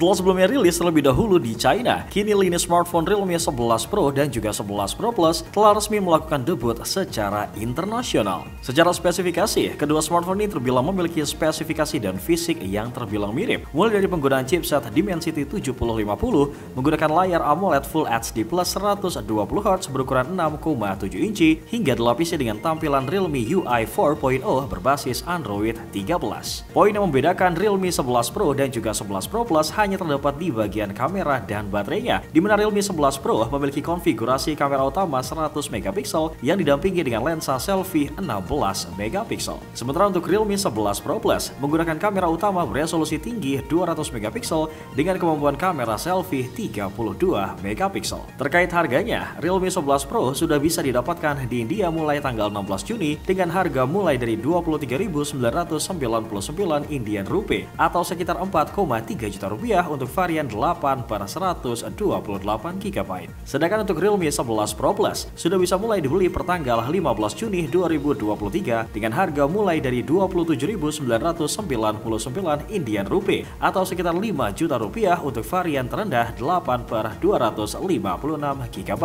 Setelah sebelumnya rilis terlebih dahulu di China, kini lini smartphone Realme 11 Pro dan juga 11 Pro Plus telah resmi melakukan debut secara internasional. Secara spesifikasi, kedua smartphone ini terbilang memiliki spesifikasi dan fisik yang terbilang mirip. Mulai dari penggunaan chipset Dimensity 7050 menggunakan layar AMOLED Full HD Plus 120Hz berukuran 6,7 inci hingga dilapisi dengan tampilan Realme UI 4.0 berbasis Android 13. Poin yang membedakan Realme 11 Pro dan juga 11 Pro Plus hanya hanya terdapat di bagian kamera dan baterainya. Di mana Realme 11 Pro memiliki konfigurasi kamera utama 100 megapiksel yang didampingi dengan lensa selfie 16 megapiksel. Sementara untuk Realme 11 Pro Plus menggunakan kamera utama beresolusi tinggi 200 megapiksel dengan kemampuan kamera selfie 32 megapiksel. Terkait harganya, Realme 11 Pro sudah bisa didapatkan di India mulai tanggal 16 Juni dengan harga mulai dari 23.999 Indian Rupiah atau sekitar 4,3 juta rupiah untuk varian 8 per 128 GB. Sedangkan untuk Realme 11 Pro Plus sudah bisa mulai dibeli pertanggal 15 Juni 2023 dengan harga mulai dari 27.999 Indian Rupiah atau sekitar 5 juta rupiah untuk varian terendah 8 per 256 GB.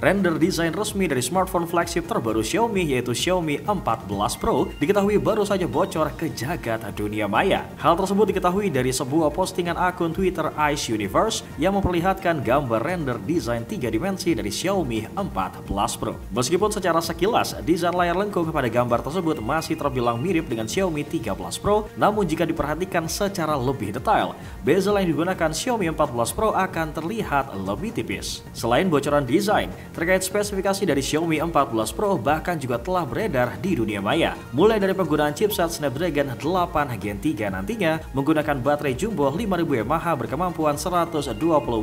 Render desain resmi dari smartphone flagship terbaru Xiaomi yaitu Xiaomi 14 Pro diketahui baru saja bocor ke jagat dunia maya. Hal tersebut diketahui dari sebuah postingan akun Twitter Ice Universe yang memperlihatkan gambar render desain tiga dimensi dari Xiaomi 14 Pro. Meskipun secara sekilas desain layar lengkung pada gambar tersebut masih terbilang mirip dengan Xiaomi 13 Pro, namun jika diperhatikan secara lebih detail, bezel yang digunakan Xiaomi 14 Pro akan terlihat lebih tipis. Selain bocoran desain, terkait spesifikasi dari Xiaomi 14 Pro bahkan juga telah beredar di dunia maya. Mulai dari penggunaan chipset Snapdragon 8 Gen 3 nantinya, menggunakan baterai jumbo 5000 mAh berkemampuan 120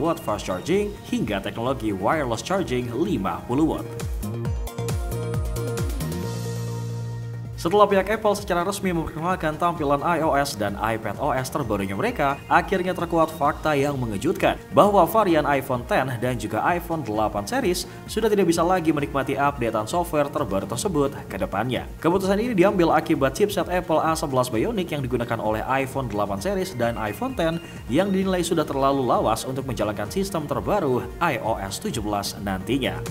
watt fast charging hingga teknologi wireless charging 50 watt. Setelah pihak Apple secara resmi memperkenalkan tampilan iOS dan iPadOS terbarunya mereka, akhirnya terkuat fakta yang mengejutkan bahwa varian iPhone X dan juga iPhone 8 series sudah tidak bisa lagi menikmati updatean software terbaru tersebut ke depannya. Keputusan ini diambil akibat chipset Apple A11 Bionic yang digunakan oleh iPhone 8 series dan iPhone X yang dinilai sudah terlalu lawas untuk menjalankan sistem terbaru iOS 17 nantinya.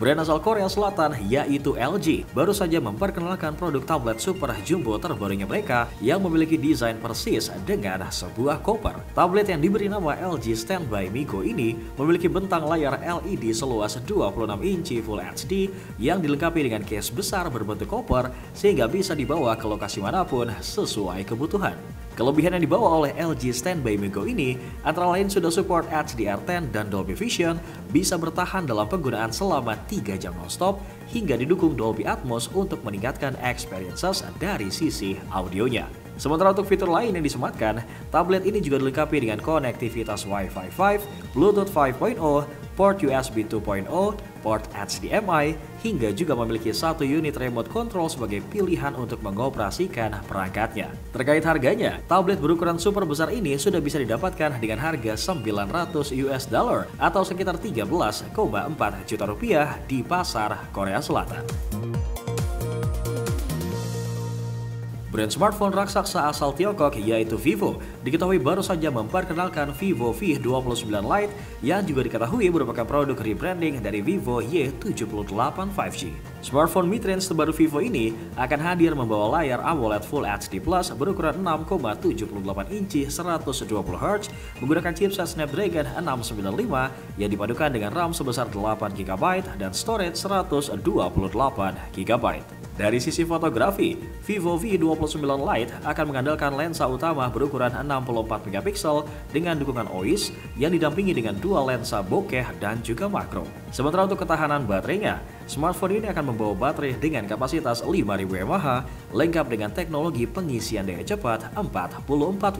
Brand asal Korea Selatan yaitu LG baru saja memperkenalkan produk tablet super jumbo terbarunya mereka yang memiliki desain persis dengan sebuah koper. Tablet yang diberi nama LG Standby Migo ini memiliki bentang layar LED seluas 26 inci Full HD yang dilengkapi dengan case besar berbentuk koper sehingga bisa dibawa ke lokasi manapun sesuai kebutuhan. Kelebihan yang dibawa oleh LG Standby Mego ini antara lain sudah support HDR10 dan Dolby Vision, bisa bertahan dalam penggunaan selama 3 jam nonstop, hingga didukung Dolby Atmos untuk meningkatkan experiences dari sisi audionya. Sementara untuk fitur lain yang disematkan, tablet ini juga dilengkapi dengan konektivitas Wi-Fi 5, Bluetooth 5.0, port USB 2.0, port HDMI, hingga juga memiliki satu unit remote control sebagai pilihan untuk mengoperasikan perangkatnya. Terkait harganya, tablet berukuran super besar ini sudah bisa didapatkan dengan harga 900 US dollar atau sekitar 13,4 juta rupiah di pasar Korea Selatan. Brand smartphone raksasa asal Tiongkok yaitu Vivo diketahui baru saja memperkenalkan Vivo V29 Lite yang juga diketahui merupakan produk rebranding dari Vivo Y78 5G. Smartphone mid-range terbaru Vivo ini akan hadir membawa layar AMOLED Full HD Plus berukuran 6,78 inci 120Hz menggunakan chipset Snapdragon 695 yang dipadukan dengan RAM sebesar 8GB dan storage 128GB. Dari sisi fotografi, Vivo V29 Lite akan mengandalkan lensa utama berukuran 64 megapiksel dengan dukungan OIS yang didampingi dengan dua lensa bokeh dan juga makro. Sementara untuk ketahanan baterainya, smartphone ini akan membawa baterai dengan kapasitas 5000 mAh lengkap dengan teknologi pengisian daya cepat 44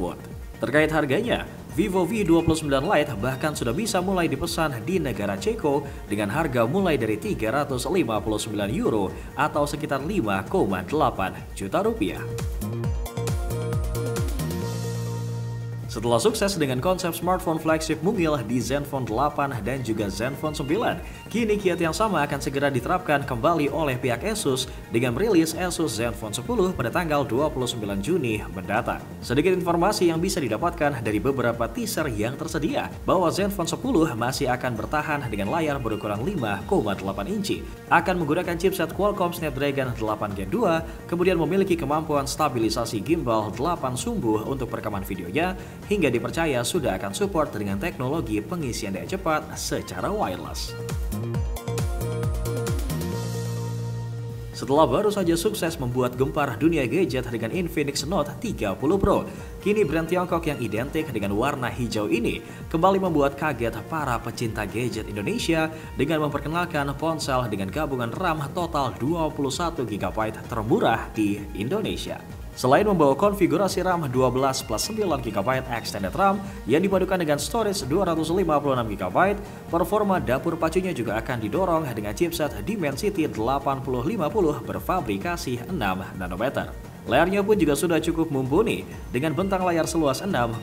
watt. Terkait harganya, Vivo V29 Lite bahkan sudah bisa mulai dipesan di negara Ceko dengan harga mulai dari 359 euro atau sekitar 5,8 juta rupiah. Setelah sukses dengan konsep smartphone flagship mungil di Zenfone 8 dan juga Zenfone 9, kini kiat yang sama akan segera diterapkan kembali oleh pihak Asus dengan merilis Asus Zenfone 10 pada tanggal 29 Juni mendatang. Sedikit informasi yang bisa didapatkan dari beberapa teaser yang tersedia, bahwa Zenfone 10 masih akan bertahan dengan layar berukuran 5,8 inci, akan menggunakan chipset Qualcomm Snapdragon 8 Gen 2, kemudian memiliki kemampuan stabilisasi gimbal 8 sumbu untuk perekaman videonya, hingga dipercaya sudah akan support dengan teknologi pengisian daya cepat secara wireless. Setelah baru saja sukses membuat gempar dunia gadget dengan Infinix Note 30 Pro, kini brand Tiongkok yang identik dengan warna hijau ini kembali membuat kaget para pecinta gadget Indonesia dengan memperkenalkan ponsel dengan gabungan RAM total 21GB termurah di Indonesia. Selain membawa konfigurasi RAM 12 plus 9 GB extended RAM yang dipadukan dengan storage 256 GB, performa dapur pacunya juga akan didorong dengan chipset Dimensity 8050 berfabrikasi 6 nanometer. Layarnya pun juga sudah cukup mumpuni dengan bentang layar seluas 6,67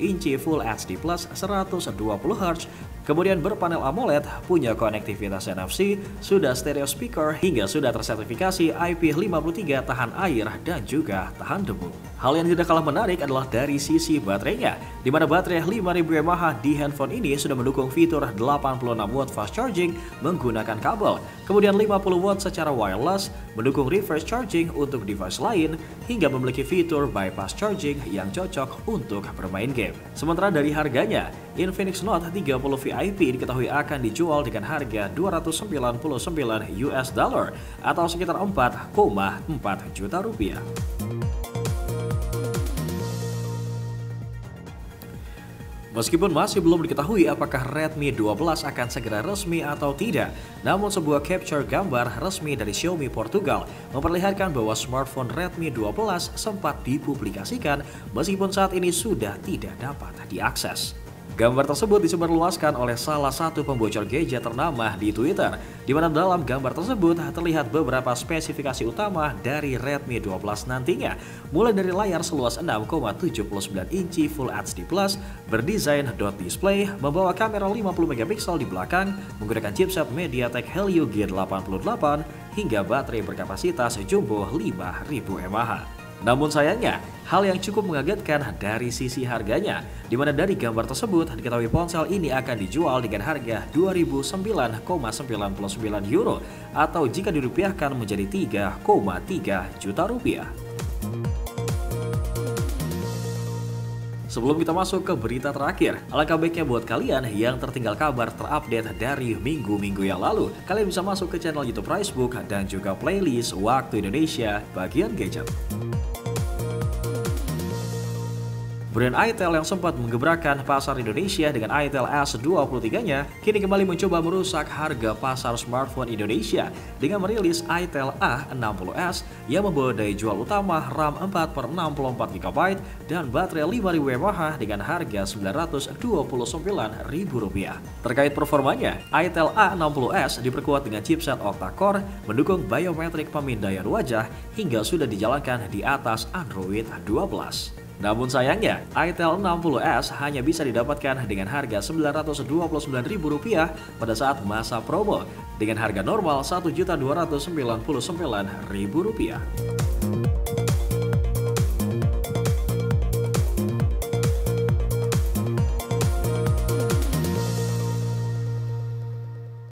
inci Full HD Plus 120Hz Kemudian berpanel AMOLED, punya konektivitas NFC, sudah stereo speaker hingga sudah tersertifikasi IP53 tahan air dan juga tahan debu. Hal yang tidak kalah menarik adalah dari sisi baterainya, di mana baterai 5000 mAh di handphone ini sudah mendukung fitur 86 watt fast charging menggunakan kabel kemudian 50 watt secara wireless, mendukung reverse charging untuk device lain, hingga memiliki fitur bypass charging yang cocok untuk bermain game. Sementara dari harganya, Infinix Note 30 VIP diketahui akan dijual dengan harga 299 US dollar atau sekitar 4,4 juta rupiah. Meskipun masih belum diketahui apakah Redmi 12 akan segera resmi atau tidak, namun sebuah capture gambar resmi dari Xiaomi Portugal memperlihatkan bahwa smartphone Redmi 12 sempat dipublikasikan meskipun saat ini sudah tidak dapat diakses. Gambar tersebut disebarluaskan oleh salah satu pembocor gadget ternama di Twitter, di mana dalam gambar tersebut terlihat beberapa spesifikasi utama dari Redmi 12 nantinya, mulai dari layar seluas 6,79 inci Full HD+, berdesain dot display, membawa kamera 50MP di belakang, menggunakan chipset MediaTek Helio G88, hingga baterai berkapasitas jumbo 5000 mAh. Namun sayangnya, hal yang cukup mengagetkan dari sisi harganya, di mana dari gambar tersebut diketahui ponsel ini akan dijual dengan harga 2009,99 euro atau jika dirupiahkan menjadi 3,3 juta rupiah. Sebelum kita masuk ke berita terakhir, alangkah baiknya buat kalian yang tertinggal kabar terupdate dari minggu-minggu yang lalu, kalian bisa masuk ke channel YouTube Risebook dan juga playlist Waktu Indonesia bagian gadget. Brand Itel yang sempat menggebrakan pasar Indonesia dengan Itel S23-nya, kini kembali mencoba merusak harga pasar smartphone Indonesia dengan merilis Itel A60s yang membawa daya jual utama RAM 4x64GB dan baterai 5000 mAh dengan harga Rp929.000. Terkait performanya, Itel A60s diperkuat dengan chipset octa-core mendukung biometrik pemindaian wajah hingga sudah dijalankan di atas Android 12. Namun sayangnya, ITEL 60S hanya bisa didapatkan dengan harga Rp929.000 pada saat masa promo dengan harga normal Rp1.299.000.